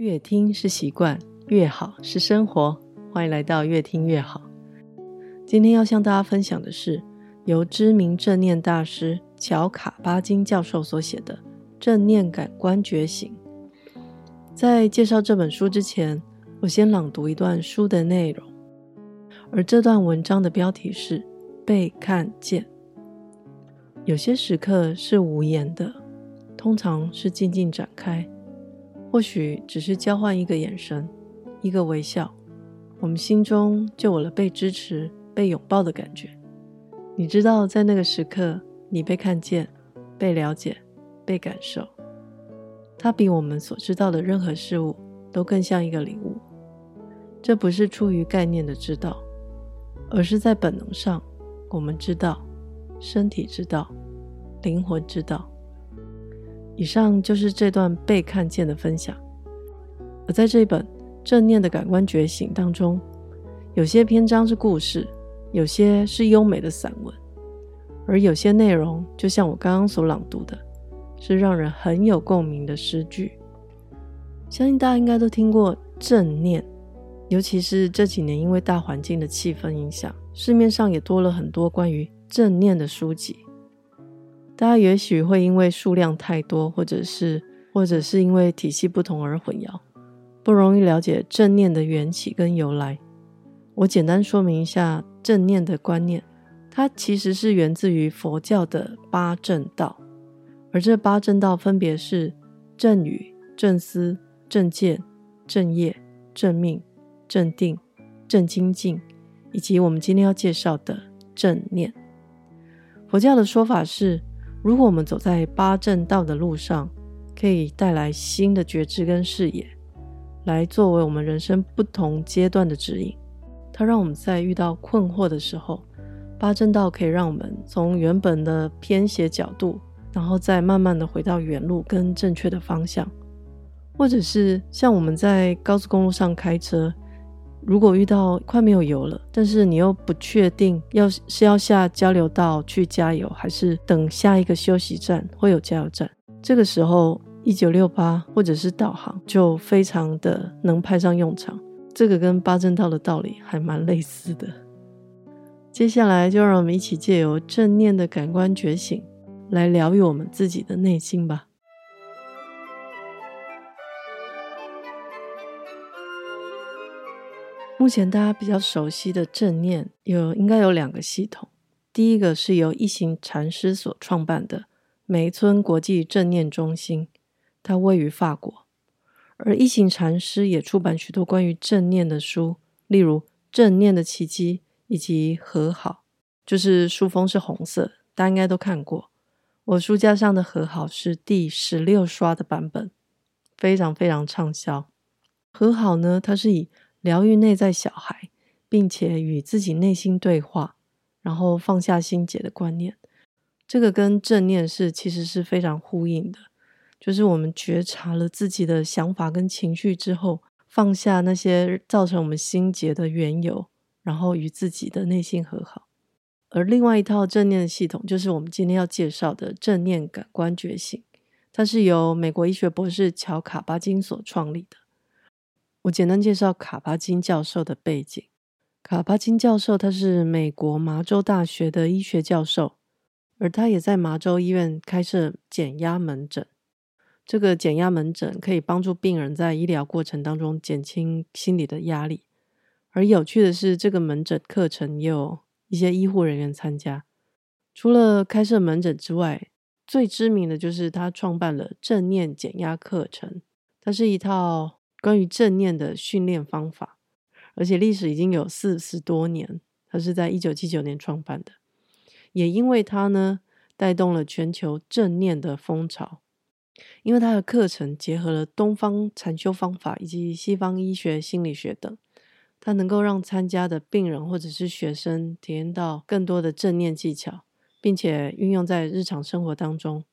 越聽是習慣，越好是生活。歡迎來到《越聽越好》。今天要向大家分享的是由知名正念大師喬·卡巴金教授所寫的《正念感官覺醒》。在介紹這本書之前，我先朗讀一段書的內容。而這段文章的標題是“被看見”。有些時刻是無言的，通常是靜靜展開。或許只是交換一個眼神，一個微笑，我們心中就有了被支持、被擁抱的感覺。你知道，在那個時刻，你被看見、被了解、被感受。它比我們所知道的任何事物都更像一個禮物。這不是出於概念的知道，而是在本能上，我們知道，身體知道，靈魂知道。以上就是這段被看見的分享。而在這一本《正念的感官覺醒》當中，有些篇章是故事，有些是優美的散文，而有些內容就像我剛剛所朗讀的，是讓人很有共鳴的詩句。相信大家應該都聽過正念，尤其是這幾年因為大環境的氣氛影響，市面上也多了很多關於正念的書籍。大家也許會因為數量太多，或者是或者是因為體系不同而混淆，不容易了解正念的緣起跟由來。我簡單說明一下正念的觀念，它其實是源自於佛教的八正道，而這八正道分別是正語、正思、正見、正業、正命、正定、正精進，以及我們今天要介紹的正念。佛教的說法是，如果我們走在八正道的路上，可以帶來新的覺知跟視野，來作為我們人生不同階段的指引。它讓我們在遇到困惑的時候，八正道可以讓我們從原本的偏斜角度，然後再慢慢的回到原路跟正確的方向，或者是像我們在高速公路上開車。如果遇到快沒有油了，但是你又不確定，要是要下交流道去加油，還是等下一個休息站會有加油站，這個時候 GPS 或者是導航就非常的能派上用場。這個跟八正道的道理還蠻類似的。接下來就讓我們一起借由正念的感官覺醒，來療癒我們自己的內心吧。目前大家比較熟悉的正念有應該有兩個系統，第一個是由一行禪師所創辦的梅村國際正念中心，它位於法國。而一行禪師也出版許多關於正念的書，例如《正念的奇蹟》以及《和好》，就是書封是紅色，大家應該都看過。我書架上的《和好》是第十六刷的版本，非常非常暢銷。《和好》呢，它是以療癒內在小孩，並且與自己內心對話，然後放下心結的觀念，這個跟正念是其實是非常呼應的，就是我們覺察了自己的想法跟情緒之後，放下那些造成我們心結的緣由，然後與自己的內心和好。而另外一套正念系統就是我們今天要介紹的正念感官覺醒，它是由美國醫學博士喬卡巴金所創立的。我簡單介紹卡巴金教授的背景。卡巴金教授他是美國麻州大學的醫學教授，而他也在麻州醫院開設減壓門診。這個減壓門診可以幫助病人在醫療過程當中減輕心理的壓力。而有趣的是，這個門診課程也有一些醫護人員參加。除了開設門診之外，最知名的就是他創辦了正念減壓課程。它是一套。關於正念的訓練方法，而且歷史已經有四十多年，它是在一九七九年創辦的，也因為它呢，帶動了全球正念的風潮。因為它的課程結合了東方禪修方法以及西方醫學、心理學等，它能夠讓參加的病人或者是學生體驗到更多的正念技巧，並且運用在日常生活當中。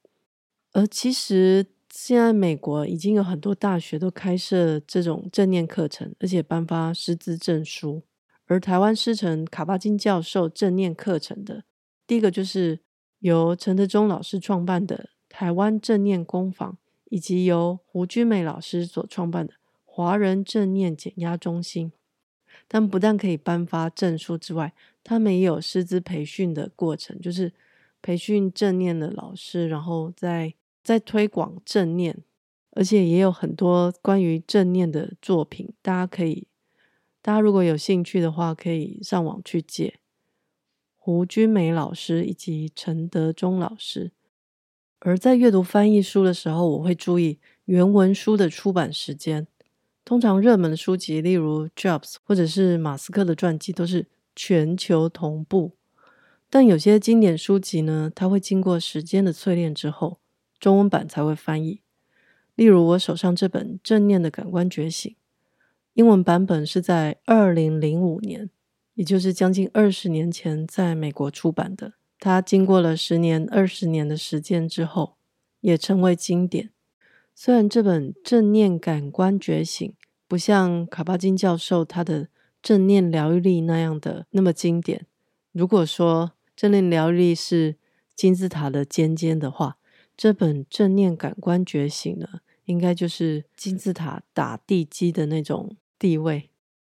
而其實。現在美國已經有很多大學都開設這種正念課程，而且頒發師資證書。而台灣師承卡巴金教授正念課程的，第一個就是由陳德中老師創辦的台灣正念工坊，以及由胡君梅老師所創辦的華人正念減壓中心。他們不但可以頒發證書之外，他們也有師資培訓的過程，就是培訓正念的老師，然後在。在推廣正念，而且也有很多關於正念的作品，大家可以，大家如果有興趣的話，可以上網去借。胡君梅老師以及陳德中老師。而在閱讀翻譯書的時候，我會注意原文書的出版時間。通常熱門的書籍，例如 Jobs 或者是馬斯克的傳記，都是全球同步。但有些經典書籍呢，它會經過時間的淬煉之後。中文版才會翻譯。例如，我手上這本《正念的感官覺醒》，英文版本是在二零零五年，也就是將近二十年前，在美國出版的。它經過了十年、二十年的時間之後，也成為經典。雖然這本《正念感官覺醒》不像卡巴金教授他的《正念療癒力》那樣的那麼經典，如果說《正念療癒力》是金字塔的尖尖的話，這本正念感官覺醒呢，應該就是金字塔打地基的那種地位。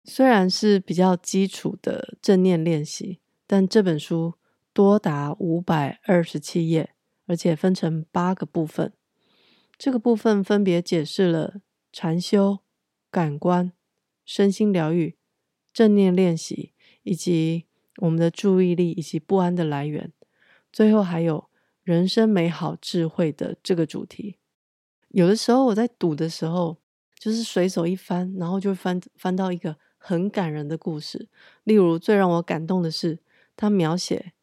雖然是比較基礎的正念練習，但這本書多達五百二十七頁，而且分成八個部分。這個部分分別解釋了禪修、感官、身心療癒、正念練習，以及我們的注意力以及不安的來源。最後還有，人生美好智慧的這個主題，有的時候我在讀的時候，就是隨手一翻，然後就翻翻到一個很感人的故事。例如，最讓我感動的是他描寫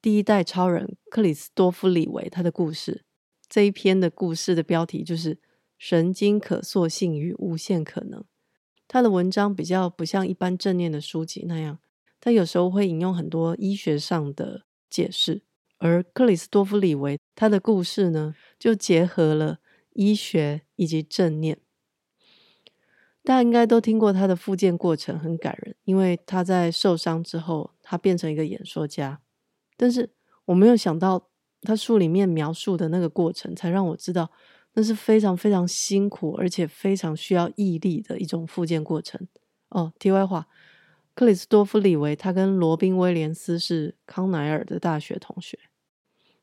第一代超人克里斯多夫李維他的故事。這一篇的故事的標題就是“神經可塑性與無限可能”。他的文章比較不像一般正念的書籍那樣，他有時候會引用很多醫學上的解釋。而克里斯多夫·李維他的故事呢，就結合了醫學以及正念。大家應該都聽過他的復健過程，很感人，因為他在受傷之後，他變成一個演說家。但是我沒有想到，他書裡面描述的那個過程，才讓我知道那是非常非常辛苦，而且非常需要毅力的一種復健過程。哦，題外話。克里斯多夫·李維，他跟羅賓·威廉斯是康乃爾的大學同學，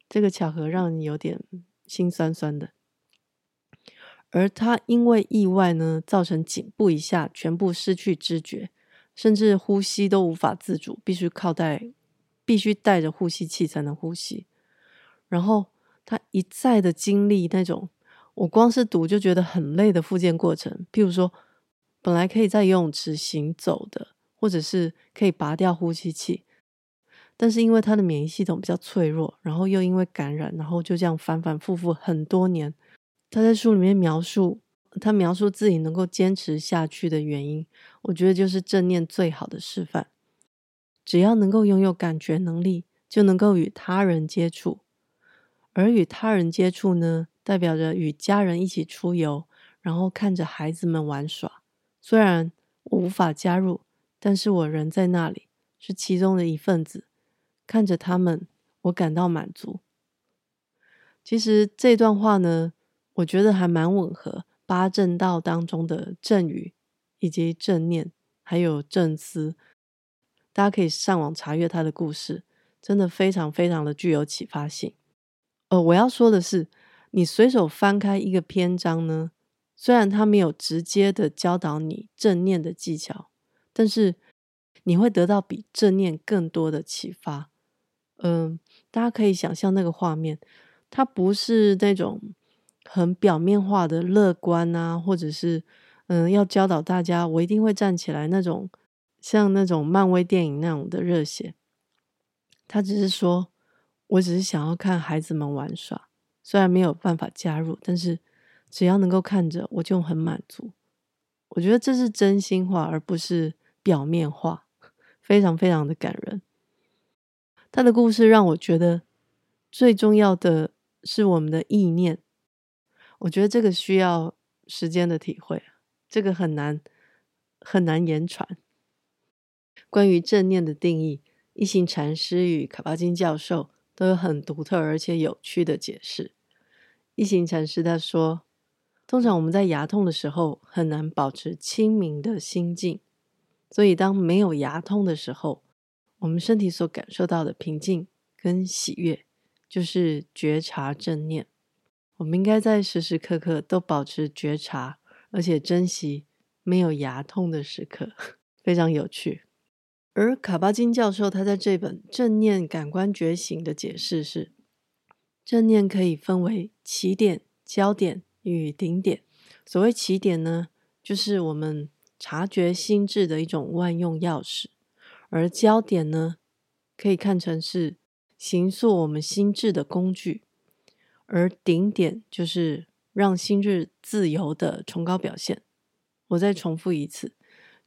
這個巧合讓你有點心酸酸的。而他因為意外呢，造成頸部以下全部失去知覺，甚至呼吸都無法自主，必須靠帶必須帶着呼吸器才能呼吸。然後他一再的經歷那種我光是讀就覺得很累的復健過程，譬如說，本來可以在游泳池行走的。或者是可以拔掉呼吸器，但是因為他的免疫系統比較脆弱，然後又因為感染，然後就這樣反反復復很多年。他在書裡面描述，他描述自己能夠堅持下去的原因，我覺得就是正念最好的示範。只要能夠擁有感覺能力，就能夠與他人接觸，而與他人接觸呢，代表着與家人一起出遊，然後看着孩子們玩耍。雖然我無法加入。但是我人在那裡，是其中的一份子，看着他們，我感到滿足。其實這段話呢，我覺得還蠻吻合八正道當中的正語、以及正念、還有正思。大家可以上網查閱他的故事，真的非常非常的具有啟發性。呃，我要說的是，你隨手翻開一個篇章呢，雖然他沒有直接的教導你正念的技巧。但是你會得到比正念更多的啟發。嗯，大家可以想象那個畫面，它不是那種很表面化的樂觀啊，或者是嗯，要教導大家我一定會站起來那種，像那種漫威電影那樣的熱血。他只是說，我只是想要看孩子們玩耍，雖然沒有辦法加入，但是只要能夠看着，我就很滿足。我覺得這是真心話，而不是。表面化，非常非常的感人。他的故事讓我覺得，最重要的是我們的意念。我覺得這個需要時間的體會，這個很難很難言傳。關於正念的定義，一行禪師與卡巴金教授都有很獨特而且有趣的解釋。一行禪師他說：“通常我們在牙痛的時候，很難保持清明的心境。”所以，當沒有牙痛的時候，我們身體所感受到的平靜跟喜悅，就是覺察正念。我們應該在時時刻刻都保持覺察，而且珍惜沒有牙痛的時刻，非常有趣。而卡巴金教授他在這本《正念感官覺醒》的解釋是，正念可以分為起點、焦點與頂點。所謂起點呢，就是我們。察覺心智的一種萬用鑰匙，而焦點呢，可以看成是形塑我們心智的工具，而頂點就是讓心智自由的崇高表現。我再重複一次，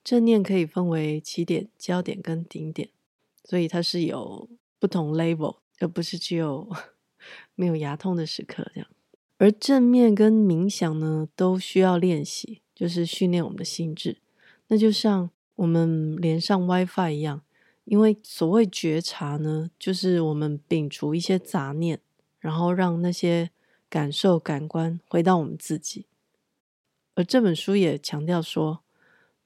正念可以分為起點、焦點跟頂點，所以它是有不同 level 而不是只有沒有牙痛的時刻這樣。而正面跟冥想呢，都需要練習，就是訓練我們的心智。那就像我們連上 WiFi 一樣，因為所謂覺察呢，就是我們摒除一些雜念，然後讓那些感受、感官回到我們自己。而這本書也強調說，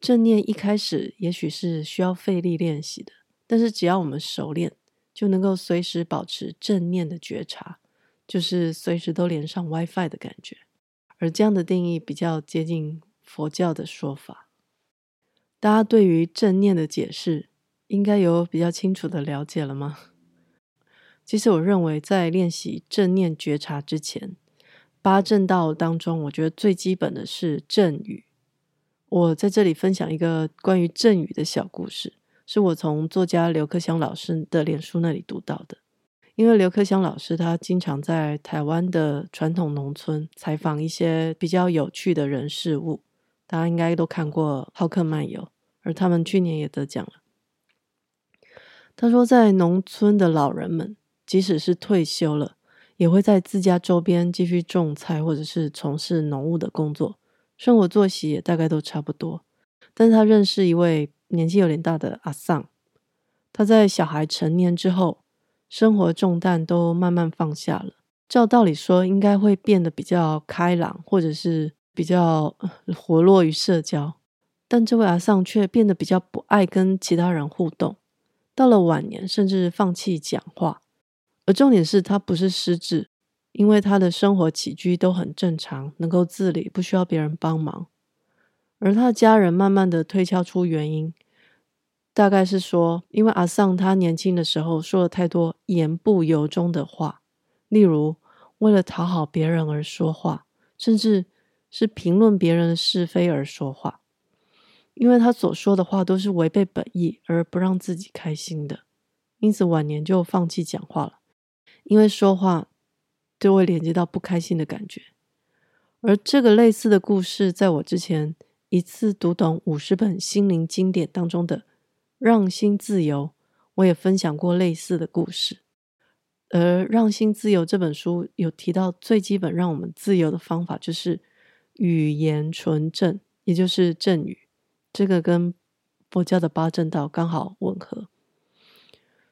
正念一開始也許是需要費力練習的，但是只要我們熟練，就能夠隨時保持正念的覺察，就是隨時都連上 WiFi 的感覺。而這樣的定義比較接近佛教的說法。大家對於正念的解釋，應該有比較清楚的了解了嗎？其實，我認為在練習正念覺察之前，八正道當中，我覺得最基本的是正語。我在這裡分享一個關於正語的小故事，是我從作家劉克襄老師的臉書那裡讀到的。因為劉克襄老師他經常在台灣的傳統農村採訪一些比較有趣的人事物。大家應該都看過《浩克漫遊》，而他們去年也得獎了。他說，在農村的老人們，即使是退休了，也會在自家周邊繼續種菜，或者是從事農務的工作，生活作息也大概都差不多。但是他認識一位年紀有點大的阿桑，他在小孩成年之後，生活重擔都慢慢放下了。照道理說，應該會變得比較開朗，或者是，比較活絡於社交，但這位阿桑卻變得比較不愛跟其他人互動。到了晚年，甚至放棄講話。而重點是他不是失智，因為他的生活起居都很正常，能夠自理，不需要別人幫忙。而他的家人慢慢的推敲出原因，大概是說，因為阿桑他年輕的時候說了太多言不由衷的話，例如為了討好別人而說話，甚至。是評論別人的是非而說話，因為他所說的話都是違背本意而不讓自己開心的，因此晚年就放棄講話了。因為說話就會連接到不開心的感覺，而這個類似的故事，在我之前一次讀懂五十本心靈經典當中的《讓心自由》，我也分享過類似的故事。而《讓心自由》這本書有提到最基本讓我們自由的方法，就是。語言純正，也就是正語，這個跟佛教的八正道剛好吻合。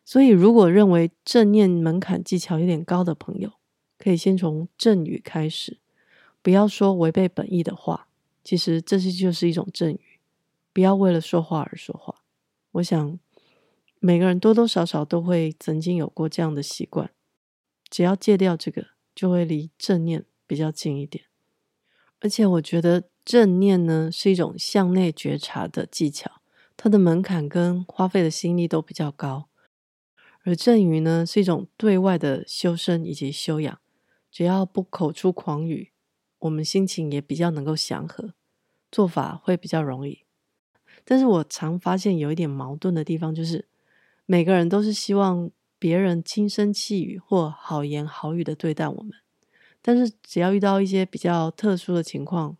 所以，如果認為正念門檻技巧有點高的朋友，可以先從正語開始，不要說違背本意的話。其實，這些就是一種正語。不要為了說話而說話。我想，每個人多多少少都會曾經有過這樣的習慣，只要戒掉這個，就會離正念比較近一點。而且我覺得正念呢，是一種向內覺察的技巧，它的門檻跟花費的心力都比較高。而正語呢，是一種對外的修身以及修養，只要不口出狂語，我們心情也比較能夠祥和，做法會比較容易。但是我常發現有一點矛盾的地方，就是每個人都是希望別人輕聲細語或好言好語的對待我們。但是只要遇到一些比較特殊的情況，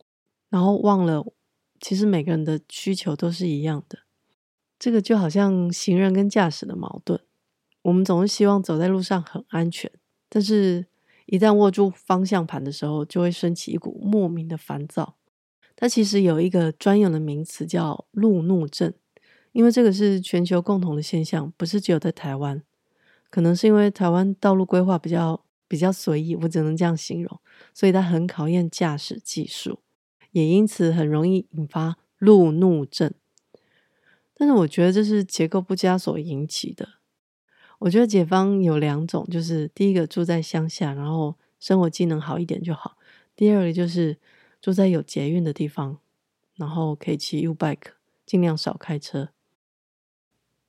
然後忘了，其實每個人的需求都是一樣的。這個就好像行人跟駕駛的矛盾，我們總是希望走在路上很安全，但是，一旦握住方向盤的時候，就會升起一股莫名的煩躁。它其實有一個專有的名詞叫路怒症，因為這個是全球共同的現象，不是只有在台灣。可能是因為台灣道路規劃比較。比較隨意，我只能這樣形容，所以它很考驗駕駛技術，也因此很容易引發路怒症。但是我覺得這是結構不佳所引起的。我覺得解方有兩種，就是第一個住在鄉下，然後生活技能好一點就好；第二個就是住在有捷運的地方，然後可以騎 U bike，盡量少開車。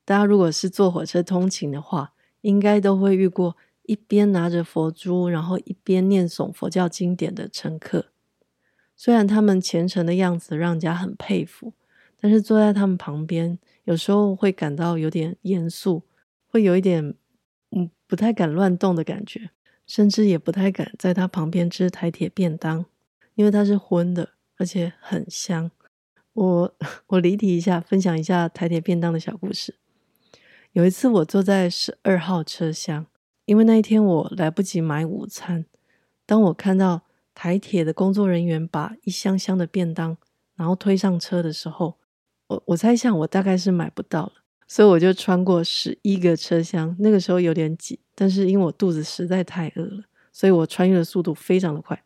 大家如果是坐火車通勤的話，應該都會遇過。一邊拿着佛珠，然後一邊念誦佛教經典的乘客，雖然他們虔誠的樣子讓人家很佩服，但是坐在他們旁邊，有時候會感到有點嚴肅，會有一點嗯不太敢亂動的感覺，甚至也不太敢在他旁邊吃台鐵便當，因為它是葷的，而且很香。我我離題一下，分享一下台鐵便當的小故事。有一次，我坐在十二號車廂。因為那一天我來不及買午餐，當我看到台鐵的工作人員把一箱箱的便當，然後推上車的時候，我我猜想我大概是買不到了，所以我就穿過十一個車廂，那個時候有點擠，但是因為我肚子實在太餓了，所以我穿越的速度非常的快。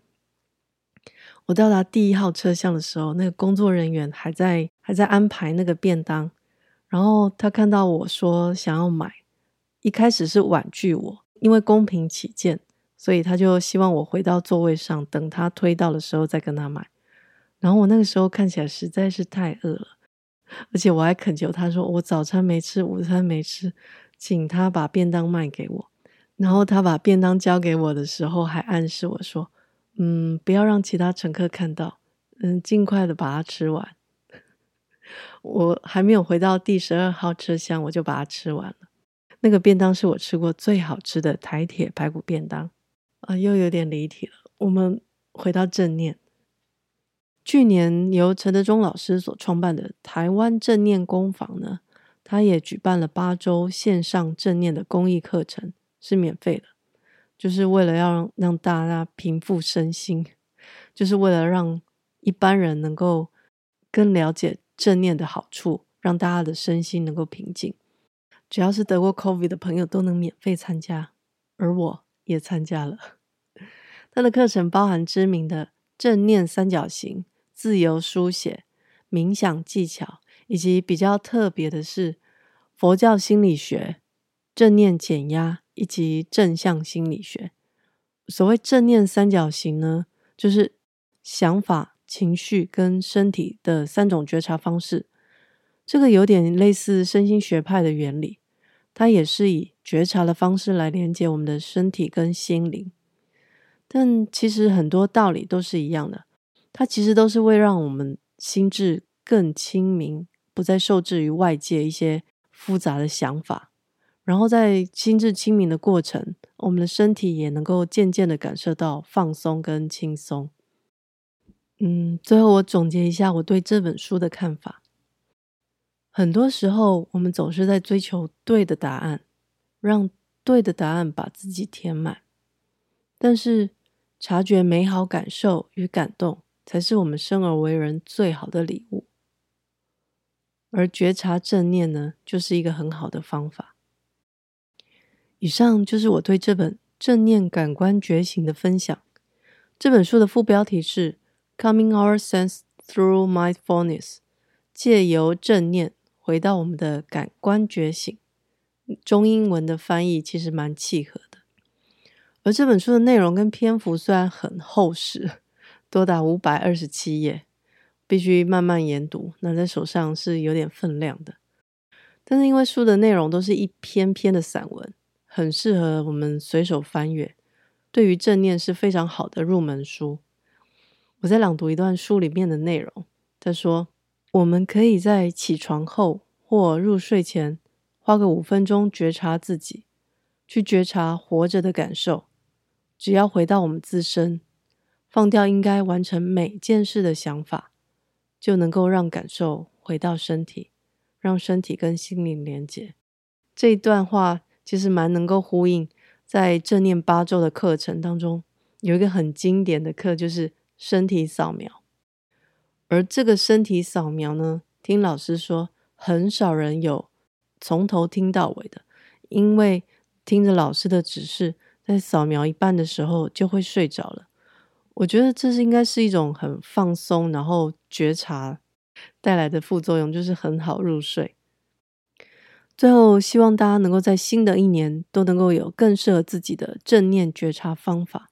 我到達第一號車廂的時候，那個工作人員還在還在安排那個便當，然後他看到我說想要買，一開始是婉拒我。因為公平起見，所以他就希望我回到座位上，等他推到的時候再跟他買。然後我那個時候看起來實在是太餓了，而且我還懇求他說：“我早餐沒吃，午餐沒吃，請他把便當賣給我。”然後他把便當交給我的時候，還暗示我說：“嗯，不要讓其他乘客看到，嗯，盡快的把它吃完。”我還沒有回到第十二號車廂，我就把它吃完了。那個便當是我吃過最好吃的台鐵排骨便當，啊、呃，又有點離題了。我們回到正念。去年由陳德中老師所創辦的台灣正念工坊呢，他也舉辦了八周線上正念的公益課程，是免費的，就是為了要讓大家平復身心，就是為了讓一般人能夠更了解正念的好處，讓大家的身心能夠平靜。只要是得過 COVID 的朋友都能免費參加，而我也參加了。他的課程包含知名的正念三角形、自由書寫、冥想技巧，以及比較特別的是佛教心理學、正念減壓以及正向心理學。所謂正念三角形呢，就是想法、情緒跟身體的三種覺察方式，這個有點類似身心學派的原理。它也是以覺察的方式來連接我們的身體跟心靈，但其實很多道理都是一樣的，它其實都是為讓我們心智更清明，不再受制於外界一些複雜的想法，然後在心智清明的過程，我們的身體也能夠漸漸的感受到放鬆跟輕鬆。嗯，最後我總結一下我對這本書的看法。很多時候，我們總是在追求對的答案，讓對的答案把自己填滿。但是，察覺美好感受與感動，才是我們生而為人最好的禮物。而覺察正念呢，就是一個很好的方法。以上就是我對這本《正念感官覺醒》的分享。這本書的副標題是 “Coming Our Senses Through Mindfulness”，借由正念。回到我們的感官覺醒，中英文的翻譯其實蠻契合的。而這本書的內容跟篇幅雖然很厚實，多達五百二十七頁，必須慢慢研讀，拿在手上是有點分量的。但是因為書的內容都是一篇篇的散文，很適合我們隨手翻閱，對於正念是非常好的入門書。我再朗讀一段書裡面的內容，他說。我們可以在起床後或入睡前，花個五分鐘覺察自己，去覺察活着的感受。只要回到我們自身，放掉應該完成每件事的想法，就能夠讓感受回到身體，讓身體跟心靈連結。這一段話其實蠻能夠呼應，在正念八週的課程當中，有一個很經典的課就是身體掃描。而這個身體掃描呢，聽老師說，很少人有從頭聽到尾的，因為聽着老師的指示，在掃描一半的時候就會睡着了。我覺得這是應該是一種很放鬆，然後覺察帶來的副作用，就是很好入睡。最後，希望大家能夠在新的一年都能夠有更適合自己的正念覺察方法。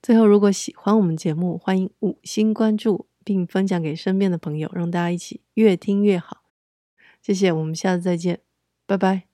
最後，如果喜歡我們節目，歡迎五星關注。並分享給身邊的朋友，讓大家一起越聽越好。謝謝，我們下次再見，拜拜。